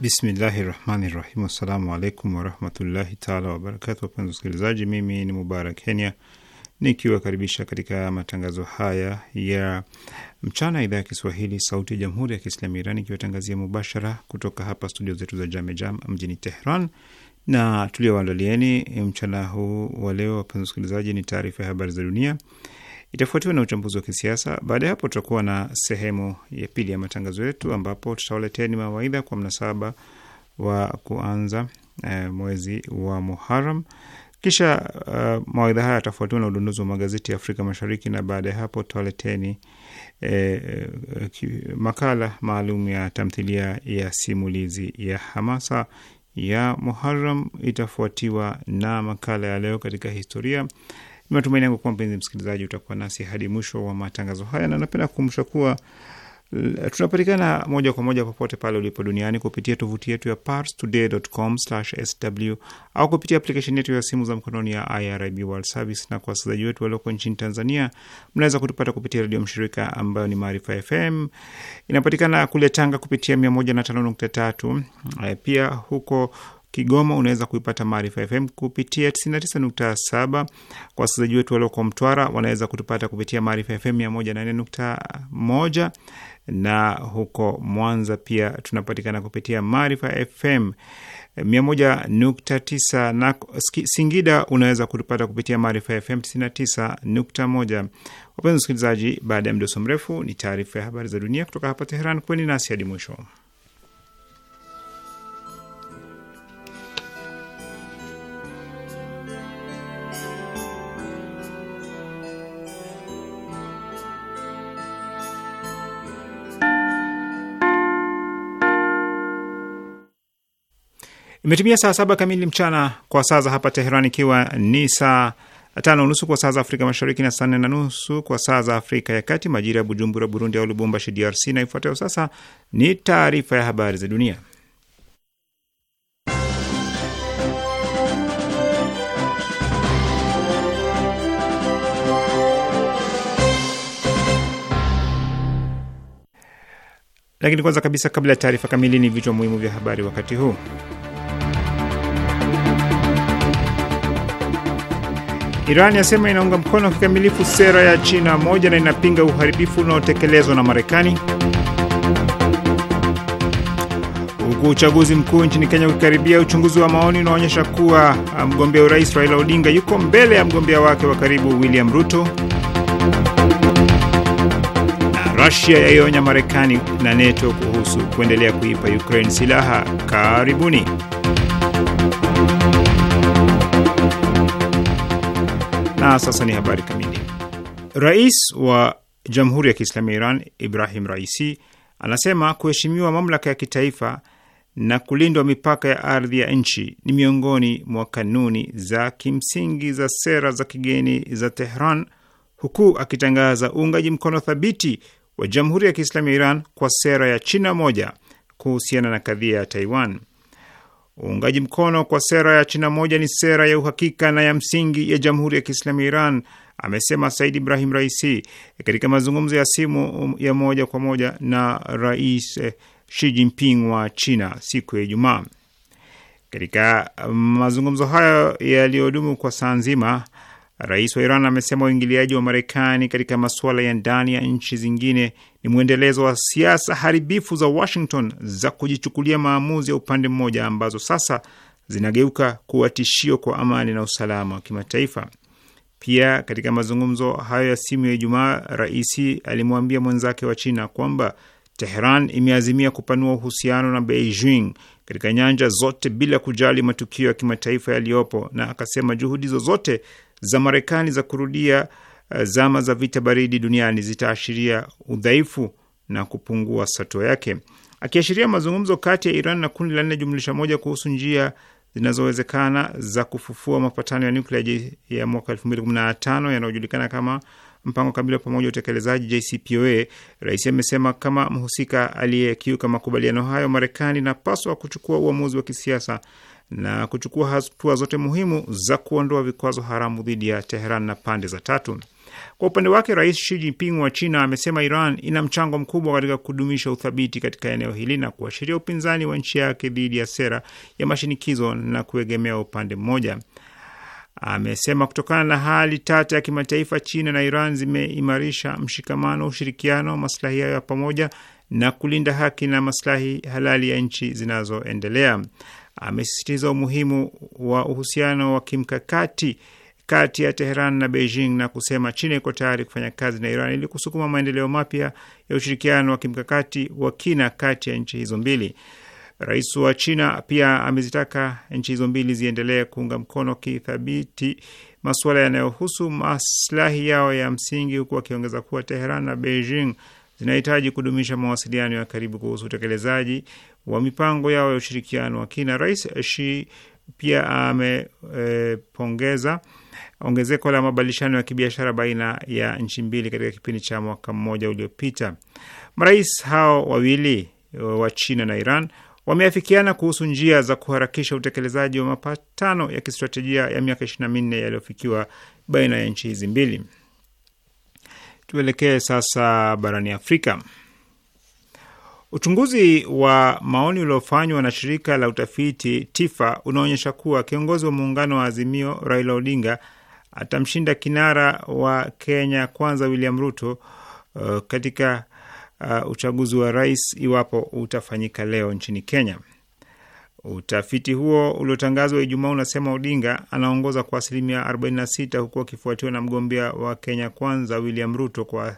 Bismillahi rahmani rahim. Assalamu alaikum warahmatullahi taala wabarakatu. Wapenzi wasikilizaji, mimi ni Mubarak Kenya nikiwakaribisha katika matangazo haya ya mchana, idhaa ya Kiswahili sauti ya jamhuri ya Kiislamu ya Iran ikiwatangazia mubashara kutoka hapa studio zetu za Jamejam mjini Tehran na tulioandalieni mchana huu wa leo, wapenzi wasikilizaji, ni taarifa ya habari za dunia itafuatiwa na uchambuzi wa kisiasa. Baada ya hapo, tutakuwa na sehemu ya pili ya matangazo yetu, ambapo tutawaleteni mawaidha kwa mnasaba wa kuanza e, mwezi wa Muharam. Kisha uh, mawaidha haya yatafuatiwa na udondozi wa magazeti ya Afrika Mashariki, na baada ya hapo tutawaleteni e, eh, makala maalum ya tamthilia ya simulizi ya hamasa ya Muharam, itafuatiwa na makala ya leo katika historia Matumaini yangu kuwa mpenzi msikilizaji utakuwa nasi hadi mwisho wa matangazo haya, na napenda kukumbusha kuwa eh, tunapatikana moja kwa moja popote pale ulipo duniani kupitia tovuti yetu ya parstoday.com/sw au kupitia aplikesheni yetu ya simu za mkononi ya IRIB World Service. Na kwa wasikilizaji wetu walioko nchini Tanzania, mnaweza kutupata kupitia redio mshirika ambayo ni Maarifa FM, inapatikana kule Tanga kupitia 105.3. Eh, pia huko Kigoma. Unaweza kuipata Maarifa FM kupitia 99.7. Kwa wasikilizaji wetu walioko Mtwara wanaweza kutupata kupitia Maarifa FM 104.1, na huko Mwanza pia tunapatikana kupitia Maarifa FM 101.9, na Singida unaweza kutupata kupitia Maarifa FM 99.1. Wapenzi wasikilizaji, baada ya mdoso mrefu ni taarifa ya habari za dunia kutoka hapa Teheran. Kweni nasi hadi mwisho. Imetimia saa saba kamili mchana kwa saa za hapa Teheran, ikiwa ni saa tano nusu kwa saa za Afrika Mashariki na saa nne na nusu kwa saa za Afrika ya Kati, majira ya Bujumbura, Burundi au Lubumbashi, DRC. Na ifuatayo sasa ni taarifa ya habari za dunia, lakini kwanza kabisa, kabla ya taarifa kamili, ni vichwa muhimu vya habari wakati huu. Iran yasema inaunga mkono kikamilifu sera ya China moja na inapinga uharibifu unaotekelezwa na Marekani. Huku uchaguzi mkuu nchini Kenya ukikaribia, uchunguzi wa maoni unaonyesha kuwa ah, mgombea urais Raila Odinga yuko mbele ya mgombea wake wa karibu William Ruto. Rusia yaionya Marekani na NATO kuhusu kuendelea kuipa Ukraine silaha. Karibuni. Na sasa ni habari kamili. Rais wa Jamhuri ya Kiislamu ya Iran Ibrahim Raisi anasema kuheshimiwa mamlaka ya kitaifa na kulindwa mipaka ya ardhi ya nchi ni miongoni mwa kanuni za kimsingi za sera za kigeni za Tehran, huku akitangaza uungaji mkono thabiti wa Jamhuri ya Kiislamu ya Iran kwa sera ya China moja kuhusiana na kadhia ya Taiwan. Uungaji mkono kwa sera ya China moja ni sera ya uhakika na ya msingi ya Jamhuri ya Kiislamu ya Iran, amesema Said Ibrahim Raisi katika mazungumzo ya simu ya moja kwa moja na Rais eh, Xi Jinping wa China siku ya Ijumaa. Katika mazungumzo hayo yaliyodumu kwa saa nzima, Rais wa Iran amesema uingiliaji wa Marekani katika masuala ya ndani ya nchi zingine ni mwendelezo wa siasa haribifu za Washington za kujichukulia maamuzi ya upande mmoja ambazo sasa zinageuka kuwa tishio kwa amani na usalama wa kimataifa. Pia katika mazungumzo hayo ya simu ya Ijumaa, raisi alimwambia mwenzake wa China kwamba Teheran imeazimia kupanua uhusiano na Beijing katika nyanja zote bila kujali matukio ya kimataifa yaliyopo, na akasema juhudi zozote za Marekani za kurudia eh, zama za vita baridi duniani zitaashiria udhaifu na kupungua sato yake, akiashiria mazungumzo kati ya Iran na kundi la nne jumlisha moja kuhusu njia zinazowezekana za kufufua mapatano ya nuklia ya mwaka tano yanayojulikana kama mpango kamili wa pamoja utekelezaji JCPOA. Rais amesema kama mhusika aliyekiuka makubaliano hayo, Marekani inapaswa kuchukua uamuzi wa kisiasa na kuchukua hatua zote muhimu za kuondoa vikwazo haramu dhidi ya Teheran na pande za tatu. Kwa upande wake, Rais Xi Jinping wa China amesema Iran ina mchango mkubwa katika kudumisha uthabiti katika eneo hili na kuashiria upinzani wa nchi yake dhidi ya sera ya mashinikizo na kuegemea upande mmoja. Amesema kutokana na hali tata ya kimataifa, China na Iran zimeimarisha mshikamano, ushirikiano, maslahi yao ya pamoja na kulinda haki na maslahi halali ya nchi zinazoendelea amesisitiza umuhimu wa uhusiano wa kimkakati kati ya Teheran na Beijing na kusema China iko tayari kufanya kazi na Iran ili kusukuma maendeleo mapya ya ushirikiano wa kimkakati wa kina kati ya nchi hizo mbili. Rais wa China pia amezitaka nchi hizo mbili ziendelee kuunga mkono kithabiti masuala yanayohusu maslahi yao ya msingi, huku akiongeza kuwa Teheran na Beijing zinahitaji kudumisha mawasiliano ya karibu kuhusu utekelezaji wa mipango yao ya ushirikiano wa kina. Rais Xi pia amepongeza e, ongezeko la mabadilishano ya kibiashara baina ya nchi mbili katika kipindi cha mwaka mmoja uliopita. Marais hao wawili eh, wa China na Iran wameafikiana kuhusu njia za kuharakisha utekelezaji wa mapatano ya kistratejia ya miaka ishirini na minne yaliyofikiwa baina ya nchi hizi mbili. Tuelekee sasa barani Afrika. Uchunguzi wa maoni uliofanywa na shirika la utafiti TIFA unaonyesha kuwa kiongozi wa muungano wa Azimio Raila Odinga atamshinda kinara wa Kenya Kwanza William Ruto uh, katika uh, uchaguzi wa rais iwapo utafanyika leo nchini Kenya. Utafiti huo uliotangazwa Ijumaa unasema Odinga anaongoza kwa asilimia 46 huku akifuatiwa na mgombea wa Kenya Kwanza William Ruto kwa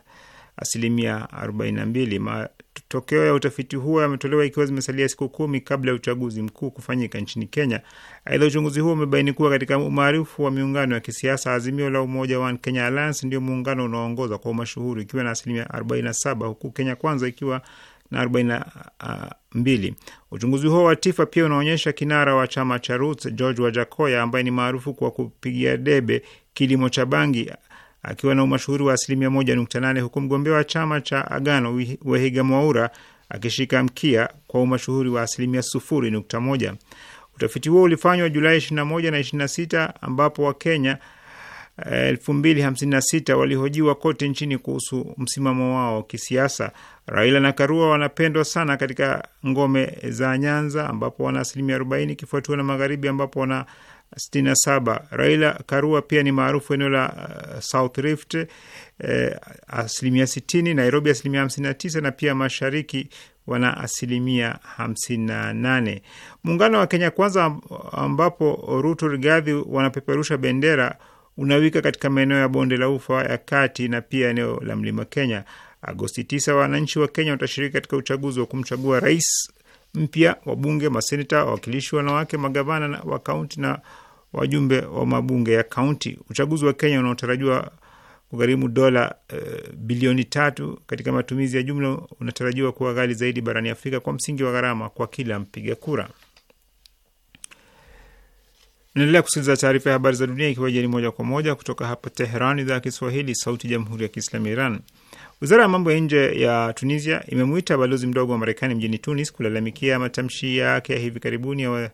asilimia 42. Matokeo ya utafiti huo yametolewa ikiwa zimesalia siku kumi kabla ya uchaguzi mkuu kufanyika nchini Kenya. Aidha, uchunguzi huo umebaini kuwa katika umaarufu wa miungano ya kisiasa, Azimio la Umoja wa Kenya Alliance ndio muungano unaoongoza kwa umashuhuri ikiwa na asilimia 47 huku Kenya Kwanza ikiwa na 42. Uh, uchunguzi huo wa TIFA pia unaonyesha kinara wa chama cha Roots George Wajakoya ambaye ni maarufu kwa kupigia debe kilimo cha bangi akiwa na umashuhuri wa asilimia moja nukta nane huku mgombea wa chama cha Agano Wehiga Mwaura akishika mkia kwa umashuhuri wa asilimia sufuri nukta moja. Utafiti huo ulifanywa Julai 21 na 26 ambapo Wakenya 2056 eh, walihojiwa kote nchini kuhusu msimamo wao wa kisiasa. Raila na Karua wanapendwa sana katika ngome za Nyanza ambapo wana asilimia 40, ikifuatiwa na Magharibi ambapo wana 67. Raila Karua pia ni maarufu eneo la uh, South Rift eh, asilimia 60, Nairobi asilimia 59 na pia mashariki wana asilimia 58. Muungano wa Kenya Kwanza ambapo Ruto Rigathi wanapeperusha bendera unawika katika maeneo ya bonde la ufa ya kati na pia eneo la mlima Kenya. Agosti 9 wananchi wa Kenya watashiriki katika uchaguzi wa kumchagua rais mpya, wabunge, maseneta, wawakilishi wanawake, magavana wa kaunti na wajumbe wa mabunge ya kaunti. Uchaguzi wa Kenya unaotarajiwa kugharimu dola e, bilioni tatu katika matumizi ya jumla unatarajiwa kuwa ghali zaidi barani Afrika kwa msingi wa gharama kwa kila mpiga kura. Naendelea kusikiliza taarifa ya habari za dunia ikiwa jeni moja kwa moja kutoka hapa Teheran, idhaa ya Kiswahili, sauti ya jamhuri ya kiislamu ya Iran. Wizara ya mambo ya nje ya Tunisia imemwita balozi mdogo wa Marekani mjini Tunis kulalamikia matamshi yake ya hivi karibuni ya wa,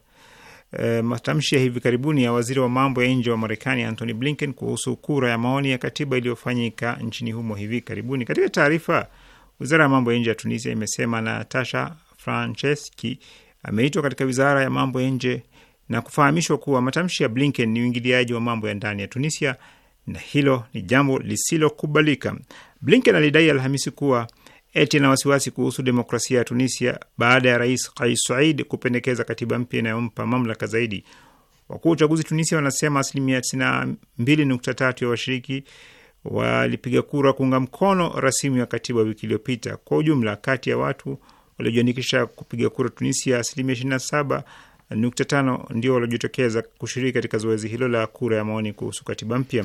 e, matamshi ya hivi karibuni ya waziri wa mambo ya nje wa Marekani Antony Blinken kuhusu kura ya maoni ya katiba iliyofanyika nchini humo hivi karibuni. Katika taarifa, wizara ya mambo ya nje ya Tunisia imesema Natasha Franceschi ameitwa katika wizara ya mambo ya nje na kufahamishwa kuwa matamshi ya Blinken ni uingiliaji wa mambo ya ndani ya Tunisia na hilo ni jambo lisilokubalika. Blinken alidai Alhamisi kuwa eti ana wasiwasi kuhusu demokrasia ya Tunisia baada ya rais Kais Saied kupendekeza katiba mpya inayompa mamlaka zaidi. Wakuu wa uchaguzi Tunisia wanasema asilimia 92.3 ya washiriki walipiga kura kuunga mkono rasimu ya katiba wiki iliyopita. Kwa ujumla, kati ya watu waliojiandikisha kupiga kura Tunisia, asilimia 27.5 ndio waliojitokeza kushiriki katika zoezi hilo la kura ya maoni kuhusu katiba mpya.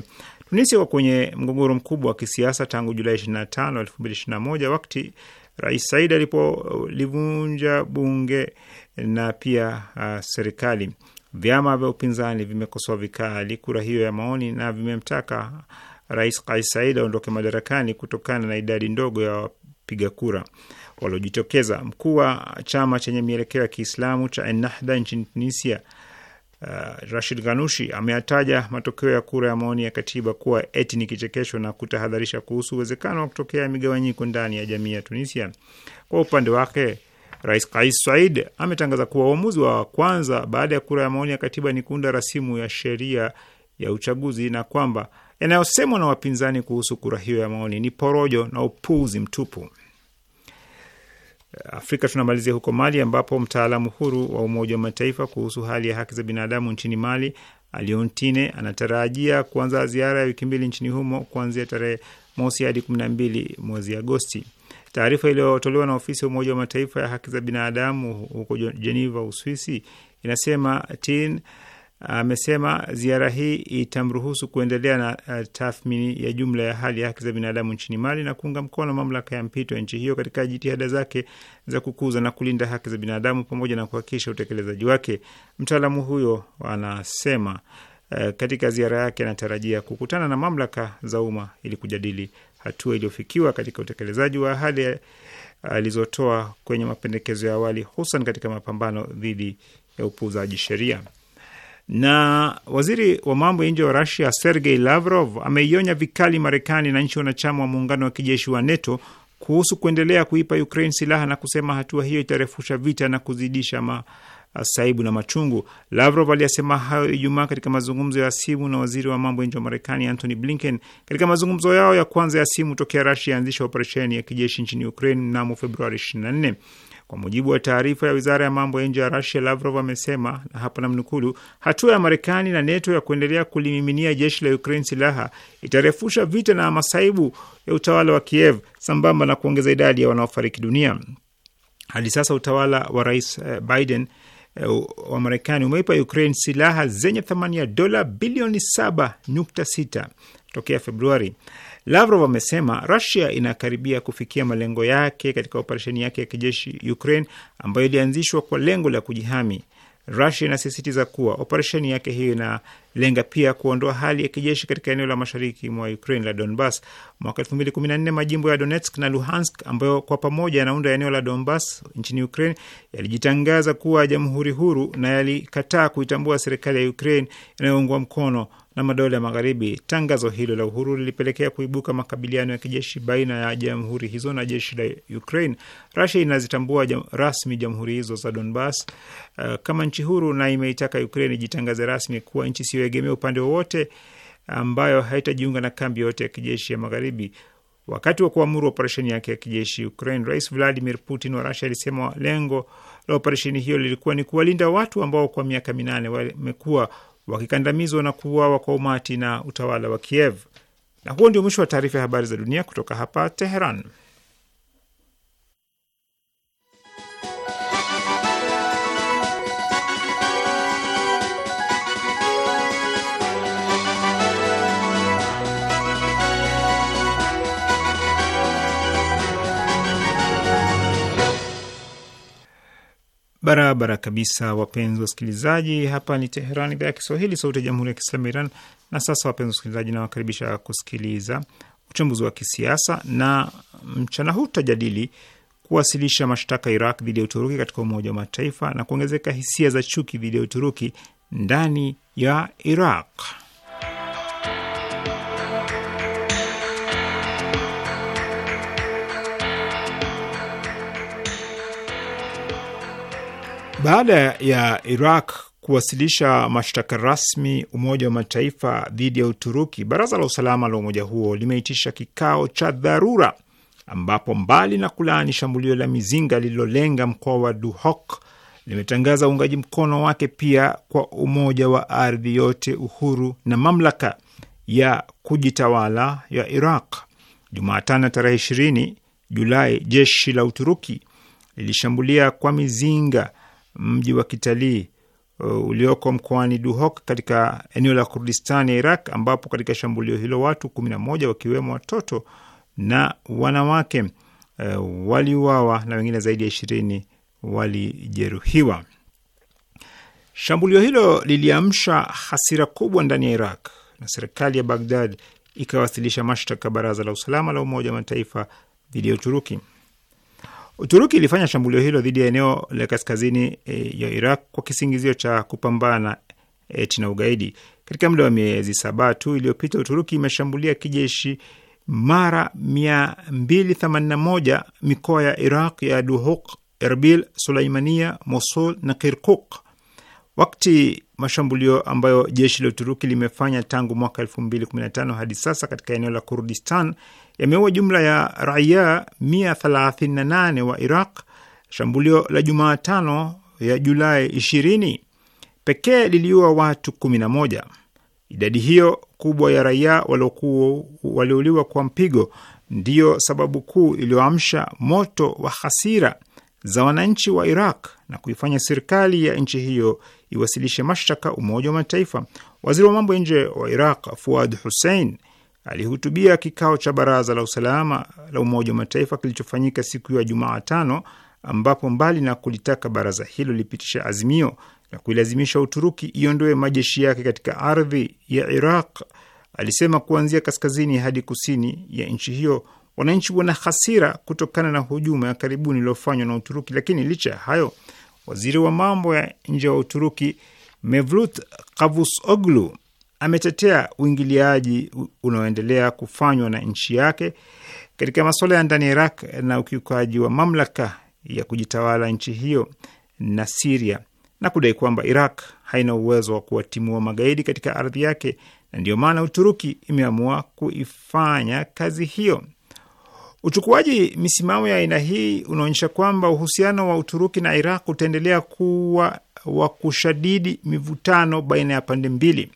Tunisia kwa kwenye mgogoro mkubwa wa kisiasa tangu Julai 25, 2021 wakati Rais Said alipolivunja bunge na pia uh, serikali. Vyama vya upinzani vimekosoa vikali kura hiyo ya maoni na vimemtaka Rais Kais Said aondoke madarakani kutokana na idadi ndogo ya wapiga kura waliojitokeza. Mkuu wa chama chenye mielekeo ya Kiislamu cha Ennahda nchini Tunisia uh, Rashid Ghanushi ameyataja matokeo ya kura ya maoni ya katiba kuwa eti ni kichekesho na kutahadharisha kuhusu uwezekano wa kutokea migawanyiko ndani ya jamii ya Tunisia. Kwa upande wake Rais Kais Said ametangaza kuwa uamuzi wa kwanza baada ya kura ya maoni ya katiba ni kuunda rasimu ya sheria ya uchaguzi na kwamba yanayosemwa na wapinzani kuhusu kura hiyo ya maoni ni porojo na upuuzi mtupu. Afrika tunamalizia huko Mali ambapo mtaalamu huru wa Umoja wa Mataifa kuhusu hali ya haki za binadamu nchini Mali Aliontine anatarajia kuanza ziara ya wiki mbili nchini humo kuanzia tarehe mosi hadi kumi na mbili mwezi Agosti. Taarifa iliyotolewa na ofisi ya Umoja wa Mataifa ya haki za binadamu huko Jeneva, Uswisi inasema Tin amesema ziara hii itamruhusu kuendelea na uh, tathmini ya jumla ya hali ya haki za binadamu nchini Mali na kuunga mkono mamlaka ya mpito ya nchi hiyo katika jitihada zake za kukuza na kulinda haki za binadamu pamoja na kuhakikisha utekelezaji wake. Mtaalamu huyo anasema uh, katika ziara yake anatarajia kukutana na mamlaka za umma ili kujadili hatua iliyofikiwa katika utekelezaji wa ahadi alizotoa uh, kwenye mapendekezo ya awali, hususan katika mapambano dhidi ya upuuzaji sheria na waziri wa mambo ya nje wa Rusia Sergei Lavrov ameionya vikali Marekani na nchi wanachama wa muungano wa kijeshi wa NATO kuhusu kuendelea kuipa Ukraine silaha na kusema hatua hiyo itarefusha vita na kuzidisha masaibu na machungu. Lavrov aliyasema hayo Ijumaa katika mazungumzo ya simu na waziri wa mambo ya nje wa Marekani Antony Blinken katika mazungumzo yao ya kwanza ya simu tokea Rusia yaanzisha operesheni ya kijeshi nchini Ukraine mnamo Februari 24. Kwa mujibu wa taarifa ya wizara ya mambo ya nje ya Rasia, Lavrov amesema na hapa namnukulu, hatua ya Marekani na NATO ya kuendelea kulimiminia jeshi la Ukraine silaha itarefusha vita na masaibu ya utawala wa Kiev sambamba na kuongeza idadi ya wanaofariki dunia. Hadi sasa utawala wa rais eh, Biden Eh, wa Marekani umeipa Ukraine silaha zenye thamani ya dola bilioni 7.6 tokea Februari. Lavrov amesema Rusia inakaribia kufikia malengo yake katika operesheni yake ya kijeshi Ukraine ambayo ilianzishwa kwa lengo la kujihami. Rusia inasisitiza kuwa operesheni yake hiyo ina lenga pia kuondoa hali ya kijeshi katika eneo la mashariki mwa Ukraine la Donbas. Mwaka 2014 majimbo ya Donetsk na Luhansk ambayo kwa pamoja yanaunda eneo la Donbas nchini Ukraine yalijitangaza kuwa jamhuri huru na yalikataa kuitambua serikali ya Ukraine inayoungwa mkono na madola ya magharibi. Tangazo hilo la uhuru lilipelekea kuibuka makabiliano ya kijeshi baina ya jamhuri hizo na jeshi la Ukraine. rusia inazitambua jam, rasmi jamhuri hizo za Donbas uh, kama nchi huru na imeitaka Ukraine ijitangaze rasmi kuwa nchi sio isiyoegemea upande wowote ambayo haitajiunga na kambi yoyote ya kijeshi ya magharibi. Wakati wa kuamuru operesheni yake ya kijeshi Ukraine, Rais Vladimir Putin wa Rusia alisema lengo la operesheni hiyo lilikuwa ni kuwalinda watu ambao kwa miaka minane wamekuwa wakikandamizwa na kuuawa kwa umati na utawala wa Kiev. Na huo ndio mwisho wa taarifa ya habari za dunia kutoka hapa Teheran. Barabara kabisa, wapenzi wasikilizaji, hapa ni Teheran, idhaa ya Kiswahili, sauti ya jamhuri ya kiislamu Iran. Na sasa, wapenzi wasikilizaji, nawakaribisha kusikiliza uchambuzi wa kisiasa, na mchana huu tutajadili kuwasilisha mashtaka Iraq dhidi ya Uturuki katika Umoja wa Mataifa na kuongezeka hisia za chuki dhidi ya Uturuki ndani ya Iraq. Baada ya Iraq kuwasilisha mashtaka rasmi Umoja wa Mataifa dhidi ya Uturuki, Baraza la Usalama la umoja huo limeitisha kikao cha dharura ambapo mbali na kulaani shambulio la mizinga lililolenga mkoa wa Duhok limetangaza uungaji mkono wake pia kwa umoja wa ardhi yote uhuru na mamlaka ya kujitawala ya Iraq. Jumatano tarehe 20 Julai, jeshi la Uturuki lilishambulia kwa mizinga mji wa kitalii uh, ulioko mkoani Duhok katika eneo la Kurdistan ya Iraq, ambapo katika shambulio hilo watu kumi na moja wakiwemo watoto na wanawake uh, waliuawa na wengine zaidi ya ishirini walijeruhiwa. Shambulio hilo liliamsha hasira kubwa ndani ya Iraq na serikali ya Baghdad ikawasilisha mashtaka baraza la usalama la Umoja wa Mataifa dhidi ya Uturuki. Uturuki ilifanya shambulio hilo dhidi ya eneo la kaskazini e, ya Iraq kwa kisingizio cha kupambana eti eh, na ugaidi. Katika muda wa miezi saba tu iliyopita, Uturuki imeshambulia kijeshi mara 281 mikoa ya Iraq ya Duhok, Erbil, Sulaimania, Mosul na Kirkuk. Wakati mashambulio ambayo jeshi la Uturuki limefanya tangu mwaka 2015 hadi sasa katika eneo la Kurdistan yameua jumla ya raia 138 wa Iraq. Shambulio la Jumatano ya Julai 20 pekee liliua watu 11. Idadi hiyo kubwa ya raia waliouliwa kwa mpigo ndiyo sababu kuu iliyoamsha moto wa hasira za wananchi wa Iraq na kuifanya serikali ya nchi hiyo iwasilishe mashtaka Umoja wa Mataifa. Waziri wa mambo ya nje wa Iraq Fuad Hussein alihutubia kikao cha Baraza la Usalama la Umoja wa Mataifa kilichofanyika siku ya Jumatano, ambapo mbali na kulitaka baraza hilo lipitisha azimio la kuilazimisha Uturuki iondoe majeshi yake katika ardhi ya Iraq, alisema kuanzia kaskazini hadi kusini ya nchi hiyo wananchi wana hasira kutokana na hujuma ya karibuni iliyofanywa na Uturuki. Lakini licha ya hayo, waziri wa mambo ya nje wa Uturuki Mevlut oglu ametetea uingiliaji unaoendelea kufanywa na nchi yake katika masuala ya ndani ya Iraq na ukiukaji wa mamlaka ya kujitawala nchi hiyo na Siria na kudai kwamba Iraq haina uwezo wa kuwatimua magaidi katika ardhi yake na ndiyo maana Uturuki imeamua kuifanya kazi hiyo. Uchukuaji misimamo ya aina hii unaonyesha kwamba uhusiano wa Uturuki na Iraq utaendelea kuwa wa kushadidi mivutano baina ya pande mbili.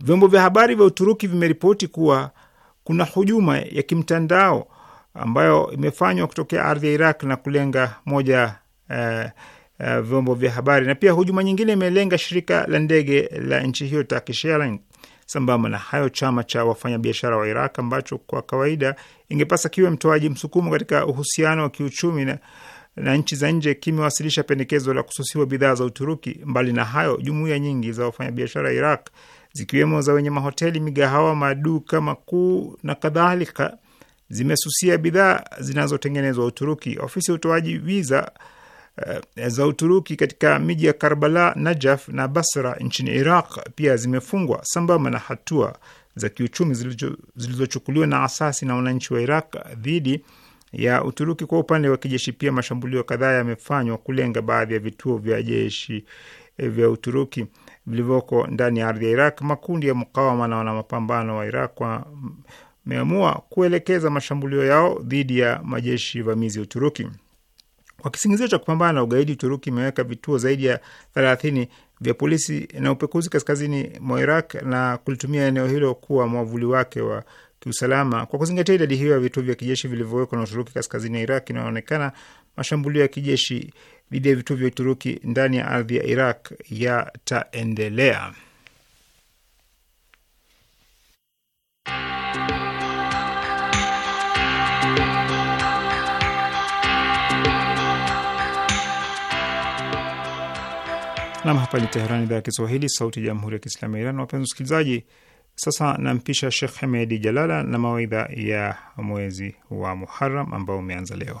Vyombo vya habari vya Uturuki vimeripoti kuwa kuna hujuma ya kimtandao ambayo imefanywa kutokea ardhi ya Iraq na kulenga moja eh, eh, vyombo vya habari na pia hujuma nyingine imelenga shirika la ndege la nchi hiyo Turkish Airlines. Sambamba na hayo, chama cha wafanyabiashara wa Iraq ambacho kwa kawaida ingepasa kiwe mtoaji msukumo katika uhusiano wa kiuchumi na, na nchi za nje kimewasilisha pendekezo la kususiwa bidhaa za Uturuki. Mbali na hayo, jumuiya nyingi za wafanyabiashara wa Iraq zikiwemo za wenye mahoteli, migahawa, maduka makuu na kadhalika zimesusia bidhaa zinazotengenezwa Uturuki. Ofisi ya utoaji viza uh, eh, za Uturuki katika miji ya Karbala, Najaf na Basra nchini Iraq pia zimefungwa sambamba na hatua za kiuchumi zilizochukuliwa na asasi na wananchi wa Iraq dhidi ya Uturuki. Kwa upande wa kijeshi, pia mashambulio kadhaa yamefanywa kulenga baadhi ya vituo vya jeshi eh, vya Uturuki vilivyoko ndani ya ardhi ya Iraq, makundi ya mukawama na wanamapambano wa Iraq wameamua kuelekeza mashambulio yao dhidi ya majeshi vamizi ya Uturuki. Kwa kisingizio cha kupambana na ugaidi, Uturuki imeweka vituo zaidi ya thelathini vya polisi na upekuzi kaskazini mwa Iraq na kulitumia eneo hilo kuwa mwavuli wake wa kiusalama. Kwa kuzingatia idadi hiyo ya vituo vya kijeshi vilivyowekwa na Uturuki kaskazini ya Iraq, inaonekana mashambulio ya kijeshi dhidi ya vituo vya Uturuki ndani ya ardhi ya Iraq yataendelea. Nam, hapa ni Teherani, idhaa ya Kiswahili, sauti ya jamhuri ya kiislamu ya Iran. Wapenzi wasikilizaji, sasa nampisha Shekh Hemedi Jalala na mawaidha ya mwezi wa Muharam ambao umeanza leo.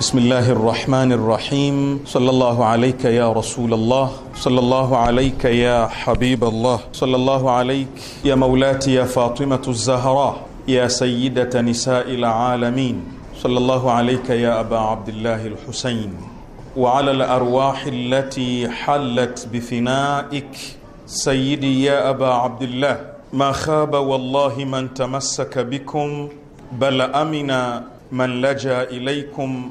بسم الله الرحمن الرحيم صلى الله عليك يا رسول الله صلى الله عليك يا حبيب الله صلى الله عليك يا مولاتي يا فاطمه الزهراء يا سيده نساء العالمين صلى الله عليك يا ابا عبد الله الحسين وعلى الارواح التي حلت بفنائك سيدي يا ابا عبد الله ما خاب والله من تمسك بكم بل امن من لجا اليكم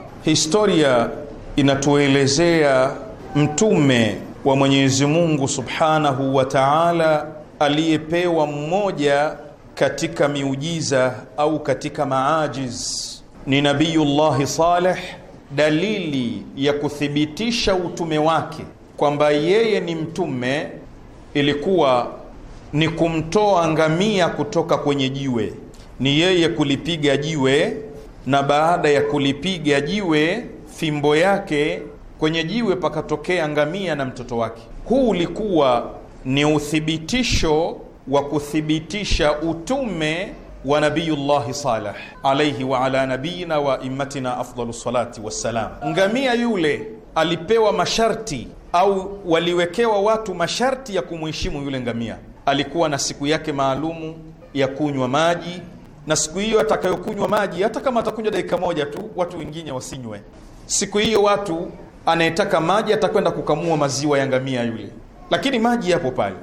Historia inatuelezea mtume wa Mwenyezi Mungu Subhanahu wa Ta'ala aliyepewa mmoja katika miujiza au katika maajiz ni Nabiyullahi Saleh. Dalili ya kuthibitisha utume wake kwamba yeye ni mtume ilikuwa ni kumtoa ngamia kutoka kwenye jiwe, ni yeye kulipiga jiwe na baada ya kulipiga jiwe fimbo yake kwenye jiwe pakatokea ngamia na mtoto wake. Huu ulikuwa ni uthibitisho wa kuthibitisha utume wa Nabiyullahi Saleh alaihi wa ala nabiyina wa immatina afdalu salati wassalam. Ngamia yule alipewa masharti au waliwekewa watu masharti ya kumuheshimu yule ngamia. Alikuwa na siku yake maalumu ya kunywa maji na siku hiyo atakayokunywa maji, hata kama atakunywa dakika moja tu, watu wengine wasinywe siku hiyo. Watu anayetaka maji atakwenda kukamua maziwa ya ngamia yule, lakini maji yapo pale.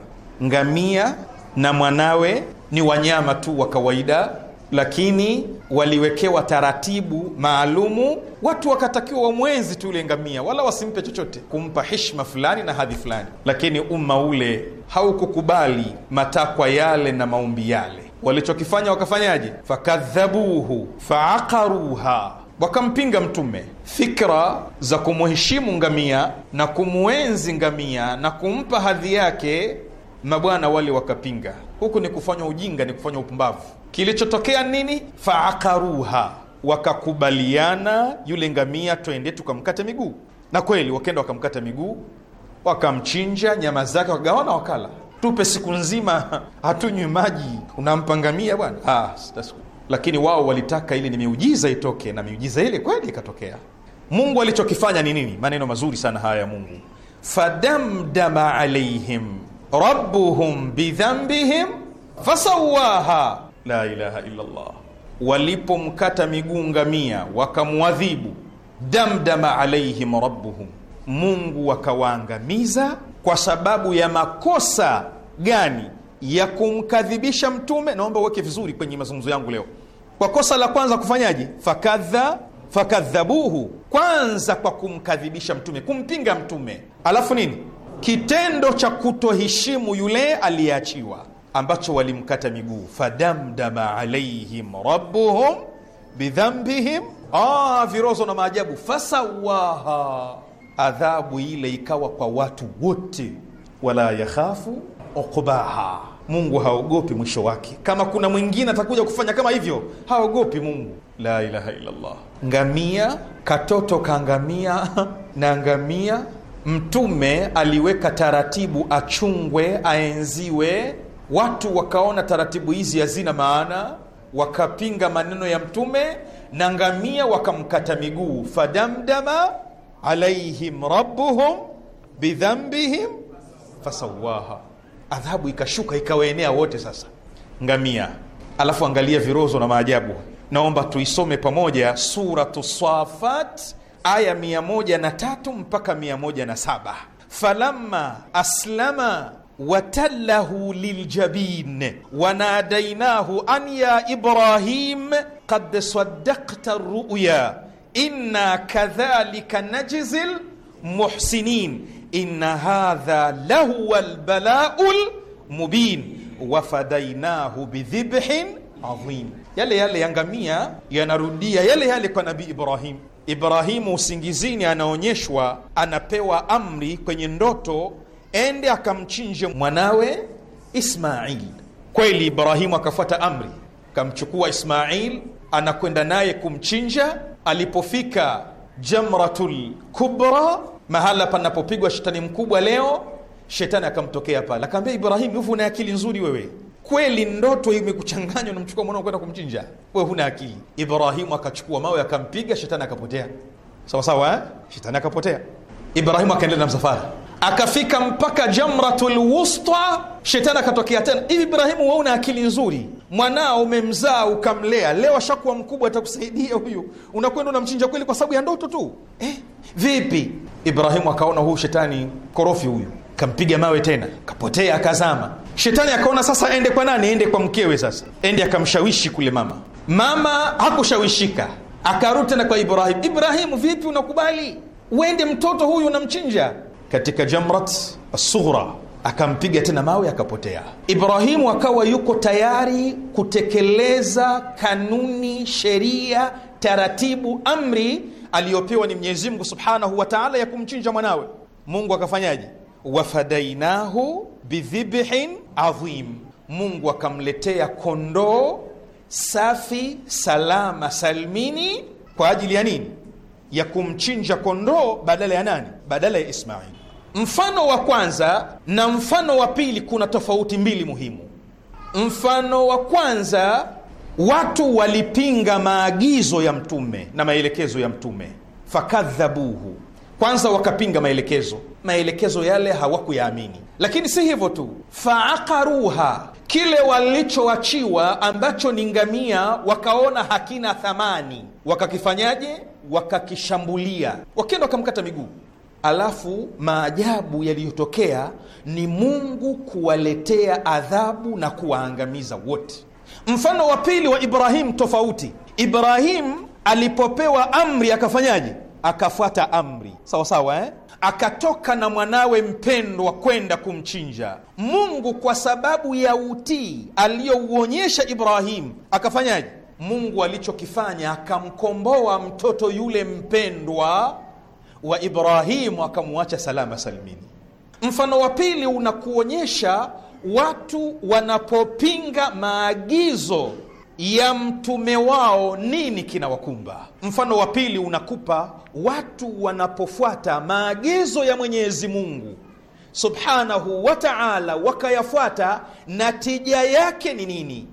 Ngamia na mwanawe ni wanyama tu wa kawaida, lakini waliwekewa taratibu maalumu. Watu wakatakiwa wamwenzi tu ule ngamia, wala wasimpe chochote, kumpa heshima fulani na hadhi fulani, lakini umma ule haukukubali matakwa yale na maombi yale walichokifanya wakafanyaje? Fakadhabuhu faaqaruha, wakampinga Mtume. Fikra za kumuheshimu ngamia na kumuenzi ngamia na kumpa hadhi yake, mabwana wale wakapinga. Huku ni kufanywa ujinga, ni kufanywa upumbavu. Kilichotokea nini? faakaruha wakakubaliana yule ngamia, twende tukamkate miguu. Na kweli wakenda wakamkata miguu, wakamchinja, nyama zake wakagawana, wakala tupe siku nzima hatunywi maji, unampangamia bwana ah, lakini wao walitaka ile ni miujiza itoke, na miujiza ile kweli ikatokea. Mungu alichokifanya ni nini? Maneno mazuri sana haya ya Mungu, fadamdama alaihim rabbuhum bidhambihim fasawaha la ilaha illallah. Walipomkata miguu ngamia wakamwadhibu, damdama alaihim rabbuhum, Mungu wakawaangamiza kwa sababu ya makosa gani ya kumkadhibisha Mtume? Naomba uweke vizuri kwenye mazungumzo yangu leo. Kwa kosa la kwanza kufanyaje? fakadha fakadhabuhu, kwanza kwa kumkadhibisha Mtume, kumpinga Mtume. Alafu nini? kitendo cha kutoheshimu yule aliyeachiwa ambacho walimkata miguu. fadamdama alaihim rabbuhum bidhambihim, ah, virozo na maajabu. fasawaha adhabu ile ikawa kwa watu wote, wala yakhafu ukubaha, Mungu haogopi mwisho wake. Kama kuna mwingine atakuja kufanya kama hivyo, haogopi Mungu. La ilaha illallah. Ngamia, katoto kangamia na ngamia, Mtume aliweka taratibu achungwe, aenziwe. Watu wakaona taratibu hizi hazina maana, wakapinga maneno ya Mtume na ngamia wakamkata miguu fadamdama alaihim rabbuhum bidhambihim fasawaha, adhabu ikashuka ikawaenea wote. Sasa ngamia, alafu angalia virozo na maajabu. Naomba tuisome pamoja Suratu safat aya mia moja na tatu mpaka mia moja na saba falamma aslama watallahu liljabin wanadainahu an ya Ibrahim kad sadakta ruya inna kadhalika najzil muhsinin inna hadha lahuwa albalaul mubin wafadainahu bidhibhin adhim. Yale yale yangamia yanarudia yale yale kwa Nabii Ibrahim. Ibrahimu usingizini, anaonyeshwa anapewa amri kwenye ndoto, ende akamchinje mwanawe Ismail. Kweli Ibrahimu akafuata amri, akamchukua Ismail, anakwenda naye kumchinja alipofika Jamratul Kubra, mahala panapopigwa shetani mkubwa leo, shetani akamtokea pale, akamwambia Ibrahim, huvu una akili nzuri wewe kweli ndoto imekuchanganywa, namchukua mwanao kwenda kumchinja, wewe, huna akili. Ibrahimu akachukua mawe akampiga, shetani akapotea. Sawa sawa, eh? Shetani akapotea, Ibrahimu akaendelea na msafara akafika mpaka jamratul wusta, shetani akatokea tena. Hivi Ibrahimu, we una akili nzuri, mwanao umemzaa ukamlea, leo ashakuwa mkubwa, atakusaidia huyu, unakwenda unamchinja kweli kwa sababu ya ndoto tu eh? Vipi? Ibrahimu akaona huyu shetani korofi huyu, kampiga mawe tena, kapotea akazama. Shetani akaona sasa ende kwa nani? Ende kwa mkewe, sasa ende akamshawishi kule mama. Mama hakushawishika akarudi tena kwa Ibrahimu. Ibrahimu, vipi, unakubali uende mtoto huyu unamchinja? katika Jamrat Sughra akampiga tena mawe akapotea. Ibrahimu akawa yuko tayari kutekeleza kanuni, sheria, taratibu, amri aliyopewa ni Mwenyezi Mungu Subhanahu wa Ta'ala ya kumchinja mwanawe. Mungu akafanyaje? wafadainahu bidhibhin adhim, Mungu akamletea kondoo safi salama salmini. Kwa ajili ya nini? Ya kumchinja kondoo badala ya nani? Badala ya Ismail. Mfano wa kwanza na mfano wa pili kuna tofauti mbili muhimu. Mfano wa kwanza, watu walipinga maagizo ya Mtume na maelekezo ya Mtume, fakadhabuhu, kwanza wakapinga maelekezo, maelekezo yale hawakuyaamini. Lakini si hivyo tu, faakaruha, kile walichoachiwa ambacho ni ngamia, wakaona hakina thamani, wakakifanyaje? Wakakishambulia, wakenda wakamkata miguu alafu maajabu yaliyotokea ni Mungu kuwaletea adhabu na kuwaangamiza wote. Mfano wa pili wa Ibrahimu tofauti. Ibrahimu alipopewa amri akafanyaje? Akafuata amri sawa eh? Akatoka na mwanawe mpendwa kwenda kumchinja. Mungu kwa sababu ya utii aliyouonyesha Ibrahimu akafanyaje? Mungu alichokifanya akamkomboa mtoto yule mpendwa wa Ibrahimu akamwacha salama salimini. Mfano wa pili unakuonyesha watu wanapopinga maagizo ya mtume wao nini kinawakumba. Mfano wa pili unakupa watu wanapofuata maagizo ya Mwenyezi Mungu subhanahu wa taala, wakayafuata, natija yake ni nini?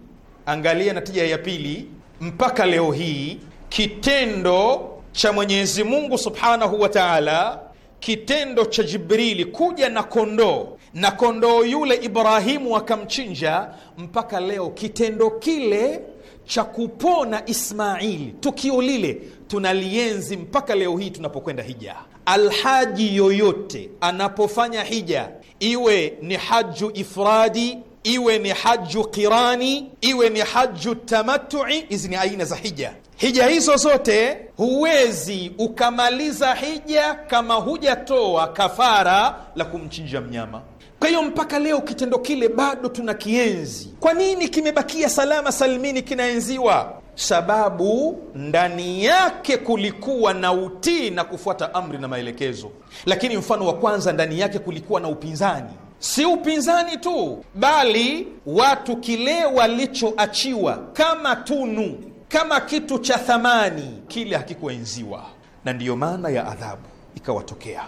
Angalia natija ya pili mpaka leo hii kitendo cha Mwenyezi Mungu subhanahu wa taala, kitendo cha Jibrili kuja na kondoo na kondoo yule Ibrahimu akamchinja, mpaka leo kitendo kile cha kupona Ismaili, tukio lile tunalienzi mpaka leo hii tunapokwenda hija. Alhaji yoyote anapofanya hija, iwe ni haju ifradi iwe ni haju qirani, iwe ni haju tamatui. Hizi ni aina za hija. Hija hizo zote huwezi ukamaliza hija kama hujatoa kafara la kumchinja mnyama. Kwa hiyo mpaka leo kitendo kile bado tuna kienzi Kwa nini kimebakia salama salimini kinaenziwa? Sababu ndani yake kulikuwa na utii na kufuata amri na maelekezo, lakini mfano wa kwanza ndani yake kulikuwa na upinzani si upinzani tu, bali watu kile walichoachiwa kama tunu, kama kitu cha thamani, kile hakikuenziwa, na ndiyo maana ya adhabu ikawatokea.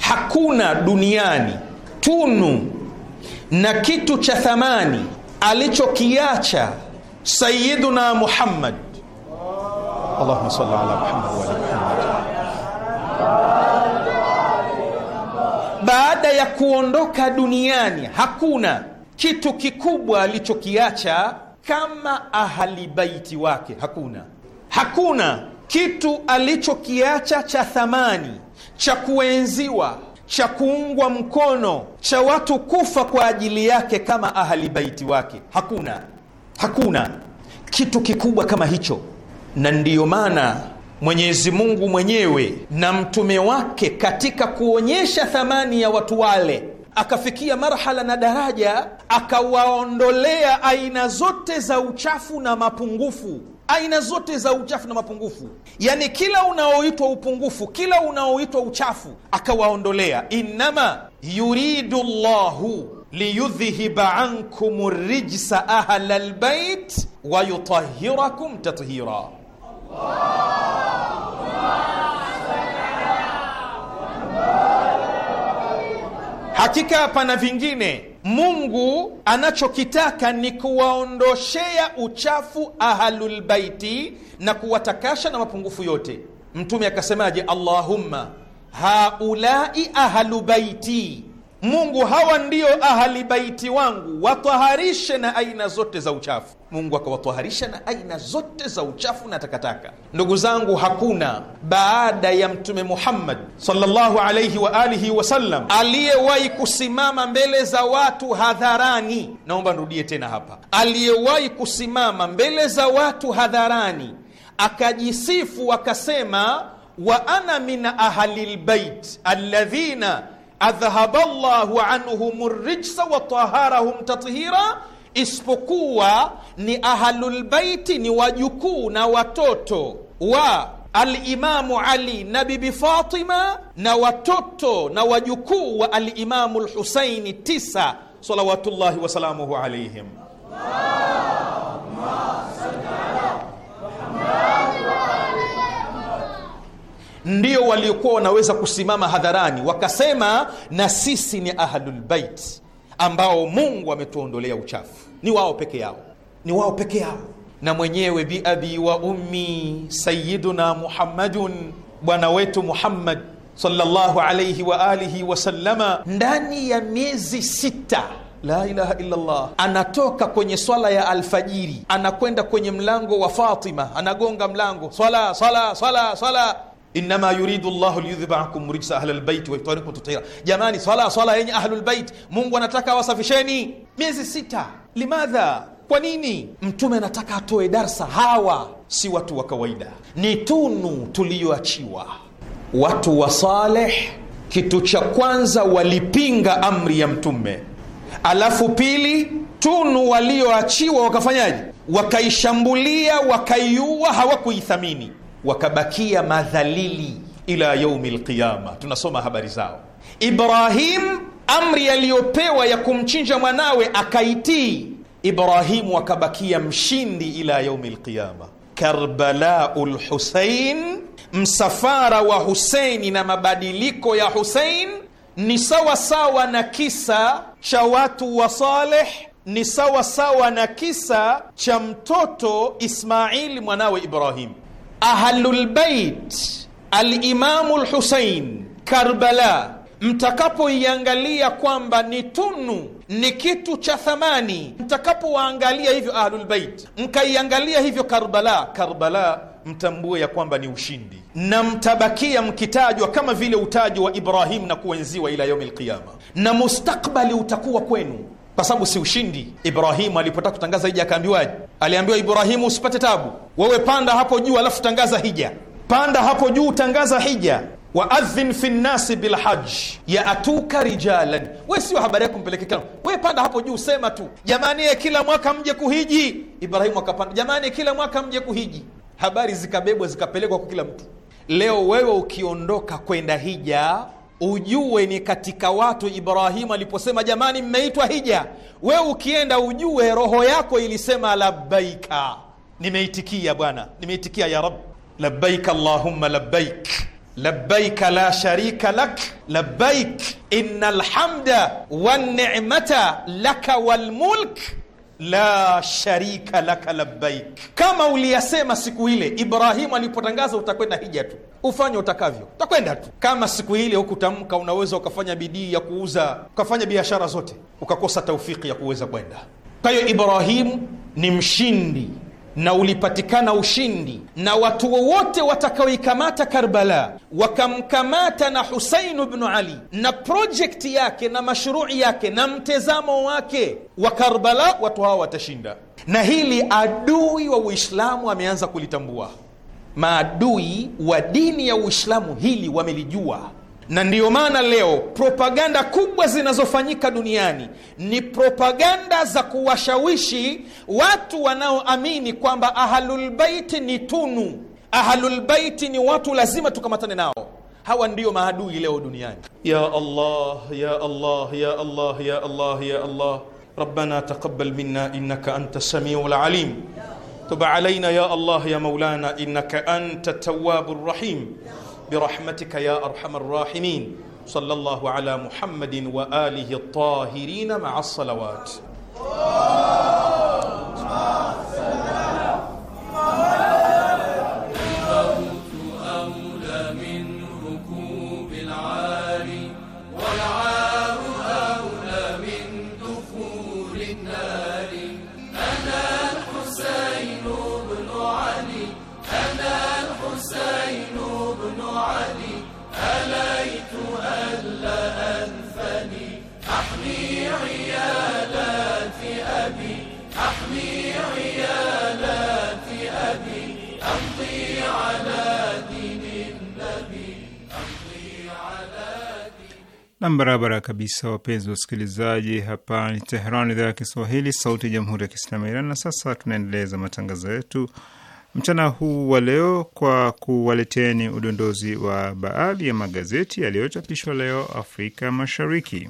Hakuna duniani tunu na kitu cha thamani alichokiacha Sayiduna Muhammad, Allahumma salli ala Muhammad wa ala Muhammad baada ya kuondoka duniani hakuna kitu kikubwa alichokiacha kama ahali baiti wake. Hakuna, hakuna kitu alichokiacha cha thamani, cha kuenziwa, cha kuungwa mkono, cha watu kufa kwa ajili yake kama ahali baiti wake. Hakuna, hakuna kitu kikubwa kama hicho, na ndiyo maana Mwenyezi Mungu mwenyewe na mtume wake katika kuonyesha thamani ya watu wale, akafikia marhala na daraja akawaondolea aina zote za uchafu na mapungufu aina zote za uchafu na mapungufu, yani kila unaoitwa upungufu, kila unaoitwa uchafu akawaondolea. Innama yuridu llahu liyudhhiba ankum rijsa ahla lbait wayutahirakum tathira Hakika pana vingine. Mungu anachokitaka ni kuwaondoshea uchafu ahlulbaiti na kuwatakasha na mapungufu yote. Mtume akasemaje? Allahumma haulai ahlu baiti Mungu, hawa ndio ahali baiti wangu, wataharishe na aina zote za uchafu. Mungu akawataharisha na aina zote za uchafu na takataka. Ndugu zangu, hakuna baada ya Mtume Muhammad sallallahu alaihi wa alihi wasallam aliyewahi kusimama mbele za watu hadharani. Naomba nirudie tena hapa, aliyewahi kusimama mbele za watu hadharani akajisifu akasema, wa ana min ahli lbait alladhina adhhaba Allahu anhum rijsa wa taharahum tathira, isipokuwa ni ahlulbaiti ni wajukuu na watoto wa Alimamu Ali na Bibi Fatima na watoto na wajukuu wa Alimamu Lhusaini tisa salawatullahi wasalamuhu alaihim. Allahumma salli ala Muhammad wa ali ndio waliokuwa wanaweza kusimama hadharani wakasema na sisi ni ahlulbait ambao Mungu ametuondolea uchafu. Ni wao peke yao, ni wao peke yao. Na mwenyewe biabi wa ummi sayiduna Muhammadun, bwana wetu Muhammad sallallahu alaihi wa alihi wasallama, ndani ya miezi sita la ilaha illallah, anatoka kwenye swala ya alfajiri, anakwenda kwenye mlango wa Fatima, anagonga mlango, swala swala swala swala inma yuridu llahu liyudhibakum rijsa ahlal baiti wa tathira. Jamani, swala swala yenye ahlu bait, Mungu anataka wasafisheni. Miezi sita, limadha? Kwa nini? Mtume anataka atoe darsa. Hawa si watu wa kawaida, ni tunu tuliyoachiwa. Watu wa Saleh, kitu cha kwanza walipinga amri ya Mtume, alafu pili, tunu walioachiwa wakafanyaje? Wakaishambulia, wakaiua, hawakuithamini wakabakia madhalili ila yaumi lqiyama. Tunasoma habari zao. Ibrahim, amri aliyopewa ya kumchinja mwanawe akaitii. Ibrahimu akabakia mshindi ila yaumi lqiyama. Karbalau lhusein, msafara wa Huseini na mabadiliko ya Husein ni sawasawa na kisa cha watu wa Saleh, ni sawasawa na kisa cha mtoto Ismaili mwanawe Ibrahim. Ahlulbeit Alimamu Lhusein Karbala, mtakapoiangalia kwamba ni tunu, ni kitu cha thamani, mtakapowaangalia hivyo Ahlulbeit mkaiangalia hivyo Karbala, Karbala mtambue ya kwamba ni ushindi, na mtabakia mkitajwa kama vile utajwa wa ibrahim na kuenziwa ila yaumi lqiama na mustakbali utakuwa kwenu kwa sababu si ushindi. Ibrahimu alipotaka kutangaza hija akaambiwaje? Aliambiwa, Ibrahimu, usipate tabu, wewe panda hapo juu, alafu tangaza hija. Panda hapo juu, tangaza hija waadhin fi nnasi bilhaji yaatuka rijalan. We sio habari yako mpeleke we, panda hapo juu, sema tu jamani, kila mwaka mje kuhiji. Ibrahimu akapanda, jamani, kila mwaka mje kuhiji. Habari zikabebwa zikapelekwa kwa kila mtu. Leo wewe ukiondoka kwenda hija ujue ni katika watu Ibrahimu aliposema jamani, mmeitwa hija. We ukienda ujue roho yako ilisema labbaika, nimeitikia Bwana, nimeitikia ya Rab, labbaika allahumma labbaik labbaika la sharika lak labbaik inna lhamda wanimata laka walmulk la sharika laka labbaik. Kama uliyasema siku ile Ibrahimu alipotangaza utakwenda hija tu ufanye utakavyo, utakwenda tu. Kama siku ile hukutamka, unaweza ukafanya bidii ya kuuza, ukafanya biashara zote, ukakosa taufiki ya kuweza kwenda. Kwa hiyo Ibrahimu ni mshindi na ulipatikana ushindi, na watu wowote watakaoikamata Karbala wakamkamata na Husainu bnu Ali na projekti yake na mashrui yake na mtezamo wake wa Karbala, watu hawa watashinda. Na hili adui wa Uislamu ameanza kulitambua maadui wa dini ya Uislamu hili wamelijua, na ndiyo maana leo propaganda kubwa zinazofanyika duniani ni propaganda za kuwashawishi watu wanaoamini kwamba Ahlulbaiti ni tunu, Ahlulbaiti ni watu lazima tukamatane nao. Hawa ndiyo maadui leo duniani. Ya Allah, ya Allah, ya Allah, ya Allah, ya Allah, rabbana taqabbal minna innaka anta samiul lalim تب علينا يا الله يا مولانا إنك أنت التواب الرحيم برحمتك يا أرحم الراحمين صلى الله على محمد وآله الطاهرين مع الصلوات Nam, barabara kabisa, wapenzi wa usikilizaji, hapa ni teheran idhaa ya Kiswahili, sauti ya jamhuri ya kiislamu ya Iran. Na sasa tunaendeleza matangazo yetu mchana huu wa leo kwa kuwaleteni udondozi wa baadhi ya magazeti yaliyochapishwa leo Afrika Mashariki.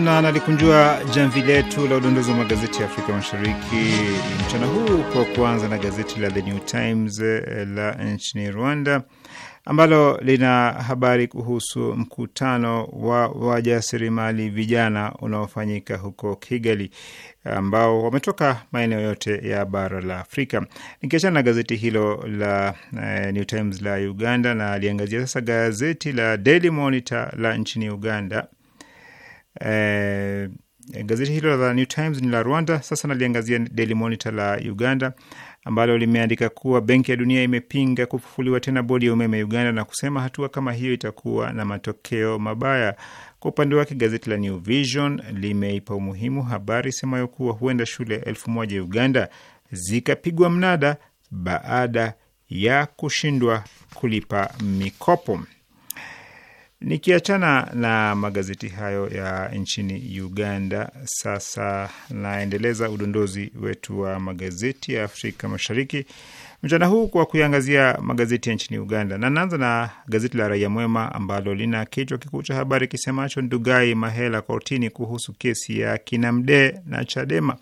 namna na nalikunjua jamvi letu la udondozi wa magazeti ya Afrika Mashariki mchana huu kwa kuanza na gazeti la The New Times eh, la nchini Rwanda ambalo lina habari kuhusu mkutano wa wajasiriamali vijana unaofanyika huko Kigali ambao wametoka maeneo yote ya bara la Afrika. Nikiachana na gazeti hilo la uh, New Times la Uganda, na aliangazia sasa gazeti la Daily Monitor la nchini Uganda eh, gazeti hilo la New Times ni la Rwanda. Sasa naliangazia Daily Monitor la Uganda ambalo limeandika kuwa Benki ya Dunia imepinga kufufuliwa tena bodi ya umeme Uganda na kusema hatua kama hiyo itakuwa na matokeo mabaya. Kwa upande wake gazeti la New Vision limeipa umuhimu habari semayo kuwa huenda shule elfu moja Uganda zikapigwa mnada baada ya kushindwa kulipa mikopo. Nikiachana na magazeti hayo ya nchini Uganda, sasa naendeleza udondozi wetu wa magazeti ya Afrika Mashariki mchana huu kwa kuiangazia magazeti ya nchini Uganda, na naanza na gazeti la Raia Mwema ambalo lina kichwa kikuu cha habari kisemacho Ndugai Mahela kortini kuhusu kesi ya kinamde na Chadema.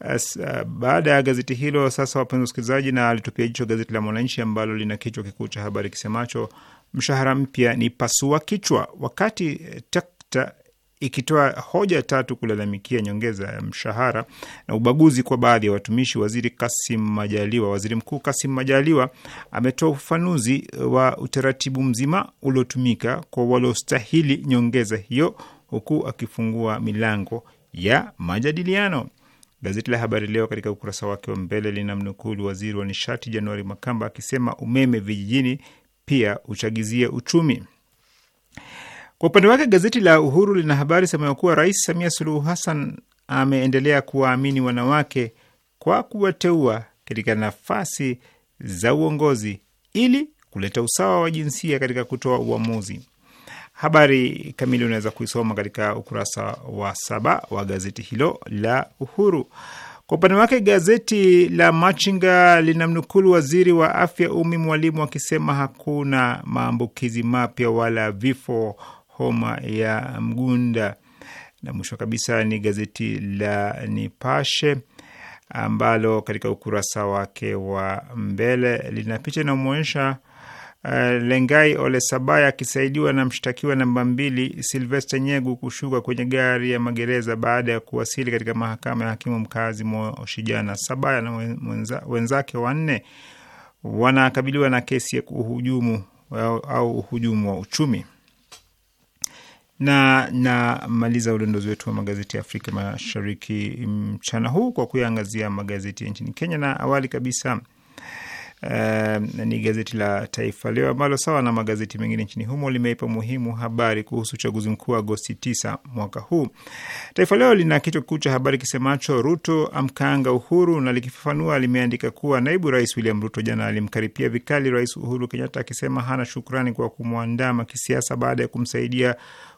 As, uh, baada ya gazeti hilo sasa, wapenzi wasikilizaji, na alitupia jicho gazeti la Mwananchi ambalo lina kichwa kikuu cha habari kisemacho mshahara mpya ni pasua kichwa, wakati eh, takta ikitoa hoja tatu kulalamikia nyongeza ya mshahara na ubaguzi kwa baadhi ya watumishi. Waziri Kasim Majaliwa, waziri mkuu Kasim Majaliwa ametoa ufafanuzi eh, wa utaratibu mzima uliotumika kwa waliostahili nyongeza hiyo, huku akifungua milango ya majadiliano. Gazeti la Habari Leo katika ukurasa wake wa mbele lina mnukulu waziri wa nishati Januari Makamba akisema umeme vijijini pia uchagizie uchumi. Kwa upande wake gazeti la Uhuru lina habari semayo kuwa Rais Samia Suluhu Hassan ameendelea kuwaamini wanawake kwa kuwateua katika nafasi za uongozi ili kuleta usawa wa jinsia katika kutoa uamuzi. Habari kamili unaweza kuisoma katika ukurasa wa saba wa gazeti hilo la Uhuru. Kwa upande wake gazeti la Machinga linamnukulu waziri wa afya Umi Mwalimu akisema hakuna maambukizi mapya wala vifo homa ya mgunda. Na mwisho kabisa ni gazeti la Nipashe ambalo katika ukurasa wake wa mbele lina picha inamwonyesha uh, Lengai sabaya akisaidiwa na mshtakiwa namba mbili Silvester Nyegu kushuka kwenye gari ya magereza baada ya kuwasili katika mahakama ya hakimu mkazi moshijana Sabaya na wenza, wenzake wanne wanakabiliwa na kesi ya uhujumu au uhujumu wa uchumi na namaliza udondozi wetu wa magazeti ya Afrika Mashariki mchana huu kwa kuyaangazia magazeti ya nchini Kenya, na awali kabisa uh, ni gazeti la Taifa Leo ambalo sawa na magazeti mengine nchini humo limeipa muhimu habari kuhusu uchaguzi mkuu Agosti 9 mwaka huu. Taifa Leo lina kichwa kikuu cha habari kisemacho Ruto amkaanga Uhuru, na likifafanua limeandika kuwa naibu rais William Ruto jana alimkaripia vikali rais Uhuru Kenyatta akisema hana shukrani kwa kumwandama kisiasa baada ya kumsaidia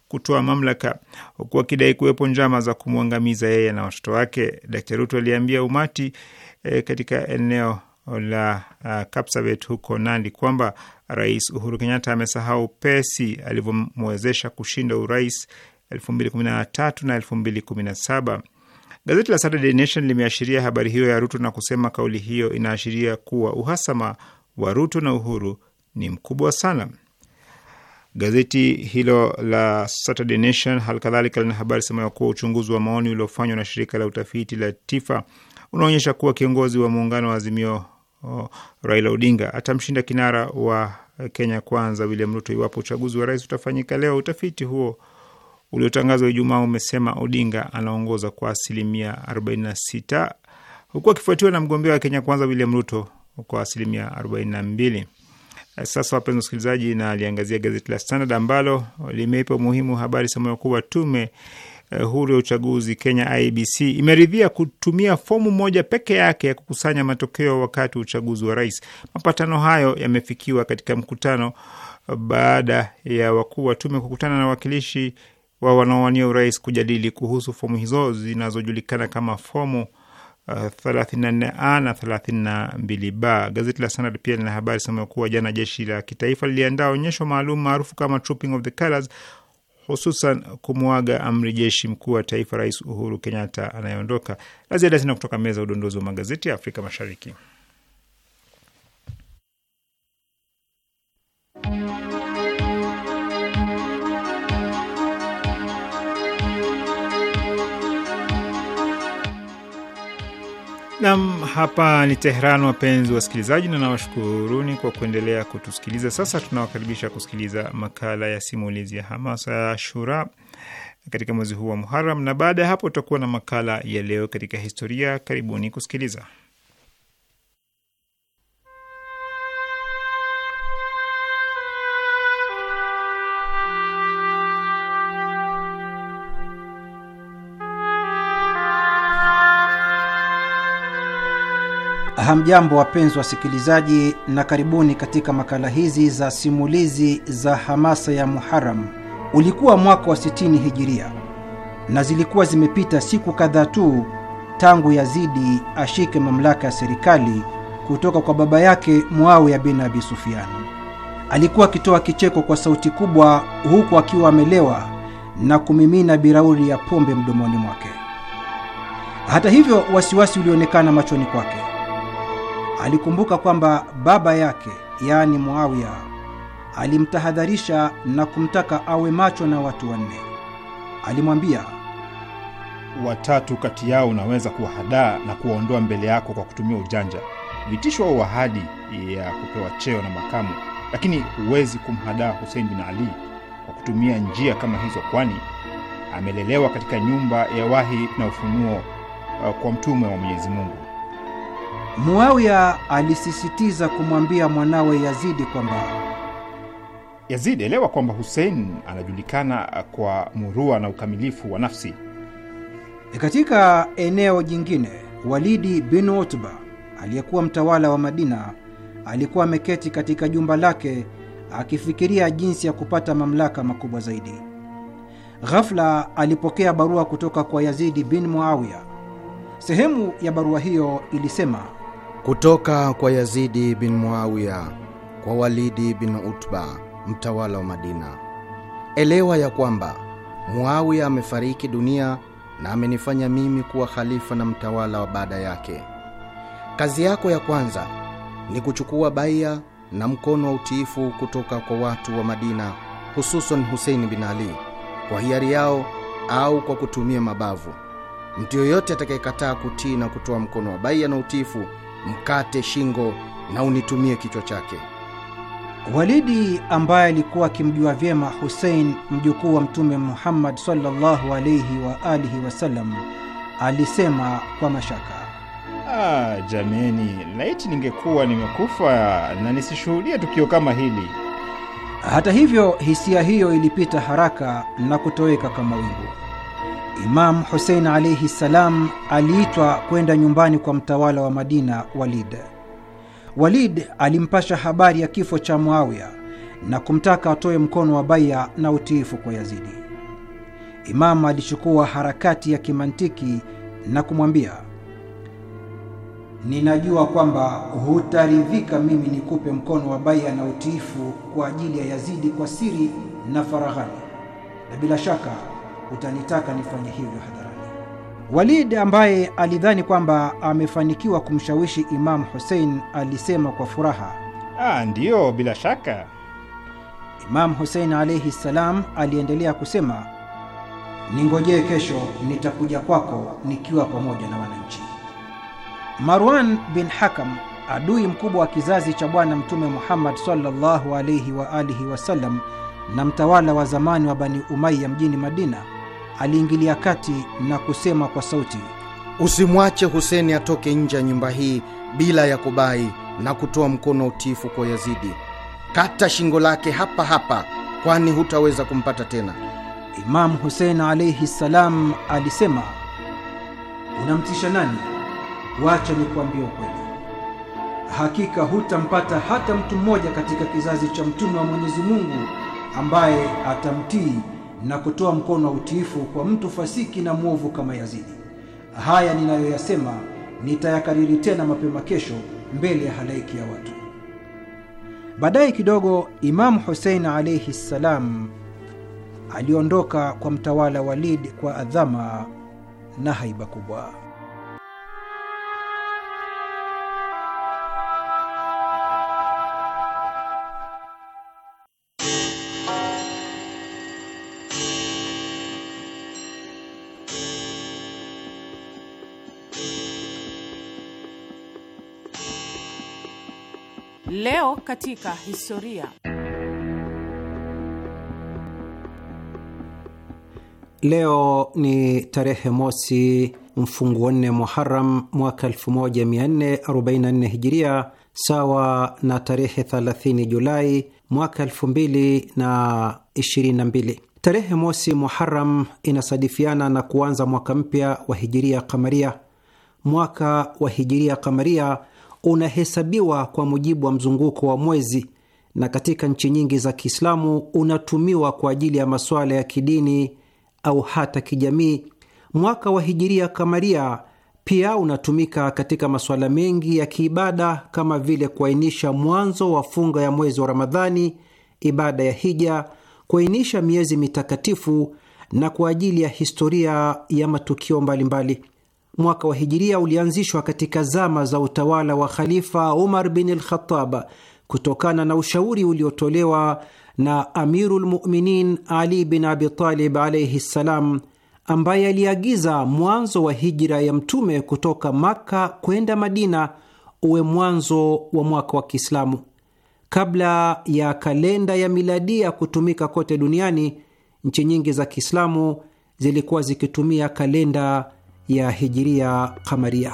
kutoa mamlaka huku akidai kuwepo njama za kumwangamiza yeye na watoto wake. Dkt. Ruto aliambia umati e, katika eneo la uh, Kapsabet huko Nandi kwamba Rais Uhuru Kenyatta amesahau pesi alivyomwezesha kushinda urais 2013 na 2017. Gazeti la Saturday Nation limeashiria habari hiyo ya Ruto na kusema kauli hiyo inaashiria kuwa uhasama wa Ruto na Uhuru ni mkubwa sana. Gazeti hilo la Saturday Nation halikadhalika lina habari semayo kuwa uchunguzi wa maoni uliofanywa na shirika la utafiti la TIFA unaonyesha kuwa kiongozi wa muungano wa Azimio oh, Raila Odinga atamshinda kinara wa Kenya Kwanza William Ruto iwapo uchaguzi wa rais utafanyika leo. Utafiti huo uliotangazwa Ijumaa umesema Odinga anaongoza kwa asilimia 46 huku akifuatiwa na mgombea wa Kenya Kwanza William Ruto kwa asilimia 42. Sasa wapenzi wasikilizaji, na aliangazia gazeti la Standard ambalo limeipa umuhimu habari sema kuwa tume Eh, huru ya uchaguzi Kenya IBC e imeridhia kutumia fomu moja peke yake ya kukusanya matokeo wakati wa uchaguzi wa rais. Mapatano hayo yamefikiwa katika mkutano eh, baada ya wakuu wa tume kukutana na wakilishi wa wanaowania urais kujadili kuhusu fomu hizo zinazojulikana kama fomu 34A eh, na 32B. Gazeti la Standard pia lina habari sema kuwa jana jeshi la kitaifa liliandaa onyesho maalum maarufu kama Trooping of the Colors hususan kumwaga amri jeshi mkuu wa taifa Rais Uhuru Kenyatta anayeondoka. La ziada sina kutoka meza udondozi wa magazeti ya Afrika Mashariki. Nam, hapa ni Teheran, wapenzi wasikilizaji, na nawashukuruni kwa kuendelea kutusikiliza. Sasa tunawakaribisha kusikiliza makala ya simulizi ya hamasa ya Shura katika mwezi huu wa Muharam, na baada ya hapo tutakuwa na makala ya leo katika historia. Karibuni kusikiliza. Hamjambo, wapenzi wasikilizaji, na karibuni katika makala hizi za simulizi za hamasa ya Muharam. Ulikuwa mwaka wa 60 hijiria na zilikuwa zimepita siku kadhaa tu tangu Yazidi ashike mamlaka ya serikali kutoka kwa baba yake Muawiya bin Abi Sufyan. Alikuwa akitoa kicheko kwa sauti kubwa, huku akiwa amelewa na kumimina birauri ya pombe mdomoni mwake. Hata hivyo, wasiwasi ulionekana machoni kwake. Alikumbuka kwamba baba yake yaani Muawiya alimtahadharisha na kumtaka awe macho na watu wanne. Alimwambia, watatu kati yao unaweza kuwahadaa na kuwaondoa mbele yako kwa kutumia ujanja, vitisho au ahadi ya kupewa cheo na makamu, lakini huwezi kumhadaa Husein bin Ali kwa kutumia njia kama hizo, kwani amelelewa katika nyumba ya wahi na ufunuo uh, kwa mtume wa Mwenyezi Mungu. Muawiya alisisitiza kumwambia mwanawe Yazidi kwamba Yazidi, elewa kwamba Husein anajulikana kwa murua na ukamilifu wa nafsi. E, katika eneo jingine, Walidi bin Utba aliyekuwa mtawala wa Madina alikuwa ameketi katika jumba lake akifikiria jinsi ya kupata mamlaka makubwa zaidi. Ghafla alipokea barua kutoka kwa Yazidi bin Muawiya. Sehemu ya barua hiyo ilisema kutoka kwa Yazidi bin Muawiya kwa Walidi bin Utba, mtawala wa Madina. Elewa ya kwamba Muawiya amefariki dunia na amenifanya mimi kuwa khalifa na mtawala wa baada yake. Kazi yako ya kwanza ni kuchukua baia na mkono wa utiifu kutoka kwa watu wa Madina, hususan Huseini bin Ali, kwa hiari yao au kwa kutumia mabavu. Mtu yoyote atakayekataa kutii na kutoa mkono wa baiya na utiifu mkate shingo na unitumie kichwa chake. Walidi ambaye alikuwa akimjua vyema Husein mjukuu wa Mtume Muhammad sallallahu alaihi wa alihi wasallam alisema kwa mashaka, ah, jameni, laiti ningekuwa nimekufa na nisishuhudia tukio kama hili. Hata hivyo, hisia hiyo ilipita haraka na kutoweka kama wingu. Imamu Husein alaihi ssalam aliitwa kwenda nyumbani kwa mtawala wa Madina, Walid. Walid alimpasha habari ya kifo cha Muawiya na kumtaka atoe mkono wa baia na utiifu kwa Yazidi. Imamu alichukua harakati ya kimantiki na kumwambia, ninajua kwamba hutaridhika mimi nikupe mkono wa baia na utiifu kwa ajili ya Yazidi kwa siri na faraghani, na bila shaka utanitaka nifanye hivyo hadharani. Walid ambaye alidhani kwamba amefanikiwa kumshawishi Imamu Hussein alisema kwa furaha, ah, ndiyo, bila shaka. Imamu Hussein alaihi ssalam aliendelea kusema, ningojee kesho, nitakuja kwako nikiwa pamoja na wananchi. Marwan bin Hakam, adui mkubwa wa kizazi cha Bwana Mtume Muhammad sallallahu alaihi wa alihi wasallam na mtawala wa zamani wa Bani Umaya mjini Madina aliingilia kati na kusema kwa sauti, usimwache Huseni atoke nje ya nyumba hii bila ya kubai na kutoa mkono utifu utiifu kwa Yazidi. Kata shingo lake hapa hapa, kwani hutaweza kumpata tena. Imamu Husein alaihi ssalam alisema, unamtisha nani? Wacha nikuambie ukweli, hakika hutampata hata mtu mmoja katika kizazi cha mtume wa Mwenyezi Mungu ambaye atamtii na kutoa mkono wa utiifu kwa mtu fasiki na mwovu kama Yazidi. Haya ninayoyasema nitayakariri tena mapema kesho mbele ya halaiki ya watu. Baadaye kidogo, Imamu Husein alaihi ssalam aliondoka kwa mtawala Walid kwa adhama na haiba kubwa. Leo katika historia. Leo ni tarehe mosi mfunguo nne Muharam mwaka 1444 Hijiria, sawa na tarehe 30 Julai mwaka 2022. Tarehe mosi Muharam inasadifiana na kuanza mwaka mpya wa Hijiria Kamaria. Mwaka wa Hijiria Kamaria unahesabiwa kwa mujibu wa mzunguko wa mwezi na katika nchi nyingi za Kiislamu unatumiwa kwa ajili ya masuala ya kidini au hata kijamii. Mwaka wa hijiria kamaria pia unatumika katika masuala mengi ya kiibada kama vile kuainisha mwanzo wa funga ya mwezi wa Ramadhani, ibada ya hija, kuainisha miezi mitakatifu na kwa ajili ya historia ya matukio mbalimbali mbali mwaka wa hijiria ulianzishwa katika zama za utawala wa Khalifa Umar bin al kutokana na ushauri uliotolewa na Amiru lmuminin Ali bin Abitalib alaihi ssalam, ambaye aliagiza mwanzo wa hijra ya Mtume kutoka Makka kwenda Madina uwe mwanzo wa mwaka wa Kiislamu kabla ya kalenda ya miladia kutumika kote duniani. Nchi nyingi za Kiislamu zilikuwa zikitumia kalenda ya hijiria kamaria.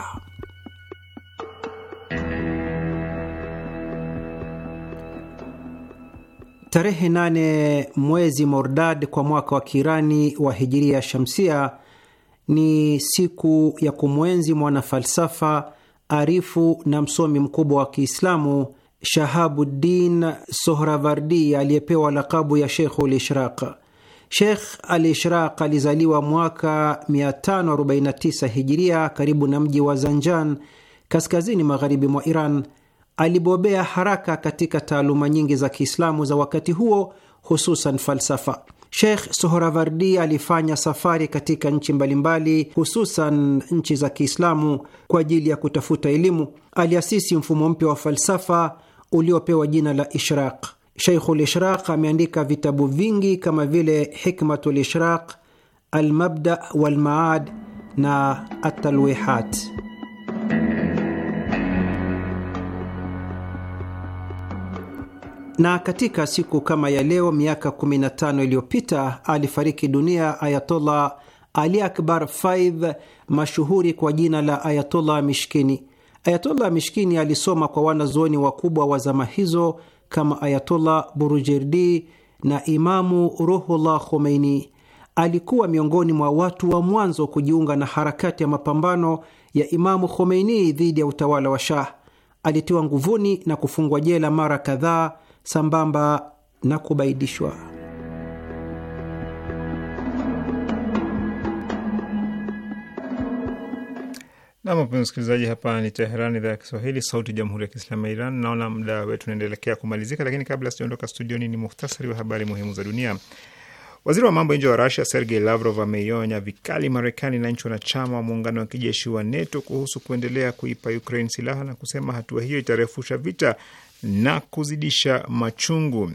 Tarehe nane mwezi Mordad kwa mwaka wa Kirani wa hijiria shamsia ni siku ya kumwenzi mwanafalsafa arifu na msomi mkubwa wa Kiislamu Shahabuddin Sohravardi aliyepewa lakabu ya Sheikhul Ishraq. Sheikh Al Ishraq alizaliwa mwaka 549 hijiria karibu na mji wa Zanjan kaskazini magharibi mwa Iran. Alibobea haraka katika taaluma nyingi za Kiislamu za wakati huo, hususan falsafa. Sheikh sohoravardi alifanya safari katika nchi mbalimbali, hususan nchi za Kiislamu kwa ajili ya kutafuta elimu. Aliasisi mfumo mpya wa falsafa uliopewa jina la Ishraq. Sheikhul Ishraq ameandika vitabu vingi kama vile Hikmatul Ishraq, Almabda Walmaad na Atalwihat. Na katika siku kama ya leo miaka 15 iliyopita alifariki dunia Ayatollah Ali Akbar Faidh, mashuhuri kwa jina la Ayatollah Mishkini. Ayatollah Mishkini alisoma kwa wanazuoni wakubwa wa zama hizo kama Ayatollah Burujerdi na Imamu Ruhullah Khomeini. Alikuwa miongoni mwa watu wa mwanzo kujiunga na harakati ya mapambano ya Imamu Khomeini dhidi ya utawala wa Shah. Alitiwa nguvuni na kufungwa jela mara kadhaa sambamba na kubaidishwa. Namwape msikilizaji, hapa ni Teheran, idhaa ya Kiswahili, sauti ya jamhuri ya kiislamu ya Iran. Naona muda wetu unaendelekea kumalizika, lakini kabla sijaondoka studioni, ni muhtasari wa habari muhimu za dunia. Waziri wa mambo ya nje wa Rusia Sergei Lavrov ameionya vikali Marekani na nchi wanachama wa muungano wa kijeshi wa NATO kuhusu kuendelea kuipa Ukraine silaha na kusema hatua hiyo itarefusha vita na kuzidisha machungu.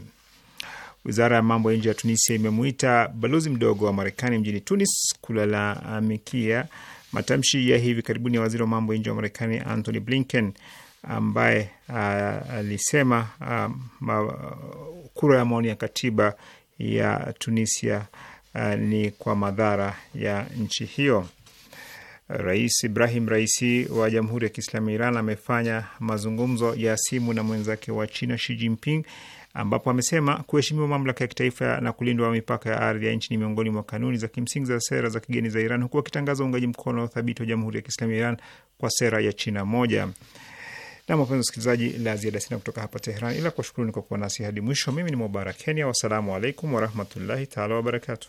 Wizara ya mambo ya nje ya Tunisia imemwita balozi mdogo wa Marekani mjini Tunis kulalamikia Matamshi ya hivi karibuni ya waziri wa mambo ya nje wa Marekani Antony Blinken ambaye ah, alisema ah, kura ya maoni ya katiba ya Tunisia uh, ni kwa madhara ya nchi hiyo. Rais Ibrahim Raisi wa Jamhuri ya Kiislamu ya Iran amefanya mazungumzo ya simu na mwenzake wa China Xi Jinping ambapo amesema kuheshimiwa mamlaka ya kitaifa na kulindwa mipaka ya ardhi ya nchi ni miongoni mwa kanuni za kimsingi za sera za kigeni za Iran, huku akitangaza uungaji mkono wa thabiti wa Jamhuri ya Kiislamu ya Iran kwa sera ya China moja. Na wapenzi wasikilizaji, la ziada sina kutoka hapa teheran ila kuwashukuruni kwa kuwa nasi hadi mwisho. Mimi ni Mubarak Kenya, wassalamu alaikum warahmatullahi taala wabarakatu.